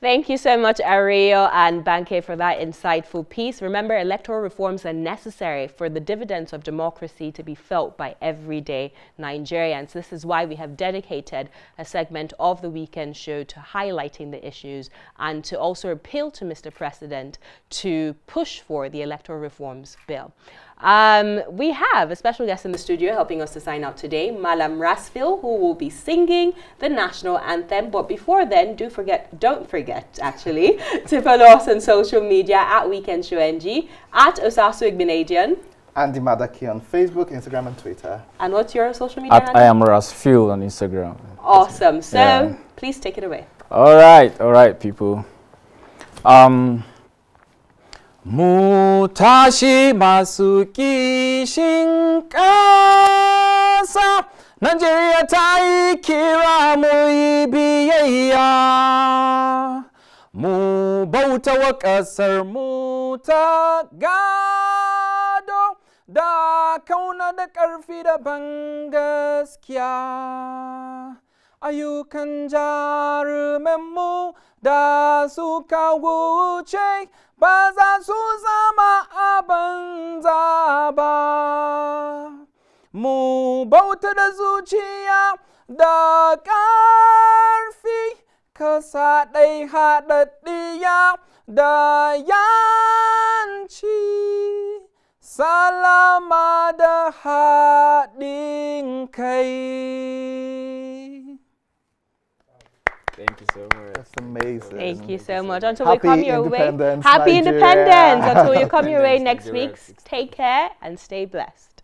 Thank you so much, Ariel and Banke, for that insightful piece. Remember, electoral reforms are necessary for the dividends of democracy to be felt by everyday Nigerians. This is why we have dedicated a segment of the weekend show to highlighting the issues and to also appeal to Mr. President to push for the electoral reforms bill. Um, we have a special guest in the studio helping us to sign out today, Malam Rasfil, who will be singing the national anthem. But before then, do forget, don't forget actually, to follow us on social media at Weekend Show NG, at Osasu Igbinadian. Andy Madaki on Facebook, Instagram, and Twitter. And what's your social media? At I am Rasfil on Instagram. Awesome. So yeah. please take it away. All right, all right, people. Um, Mu tashi masu kishin ƙasa, Najeriya ta yi kira mu biyayya. Mu bauta wa ƙasar mu ta gado da kauna da ƙarfi da ban gaskiya. Ayyukan jarumanmu da suka wuce ba za su zama a banza ba mu bauta da zuciya da ƙarfi kasa ɗai haɗaɗɗiya da yanci salama da haɗin kai Thank you so much. That's amazing. Thank you so much. Until Happy we come your way. Happy Nigeria. independence. Until you come your way next week. Take care and stay blessed.